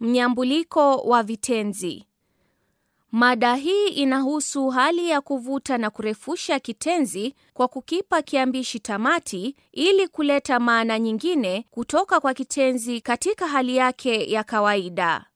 Mnyambuliko wa vitenzi. Mada hii inahusu hali ya kuvuta na kurefusha kitenzi kwa kukipa kiambishi tamati ili kuleta maana nyingine kutoka kwa kitenzi katika hali yake ya kawaida.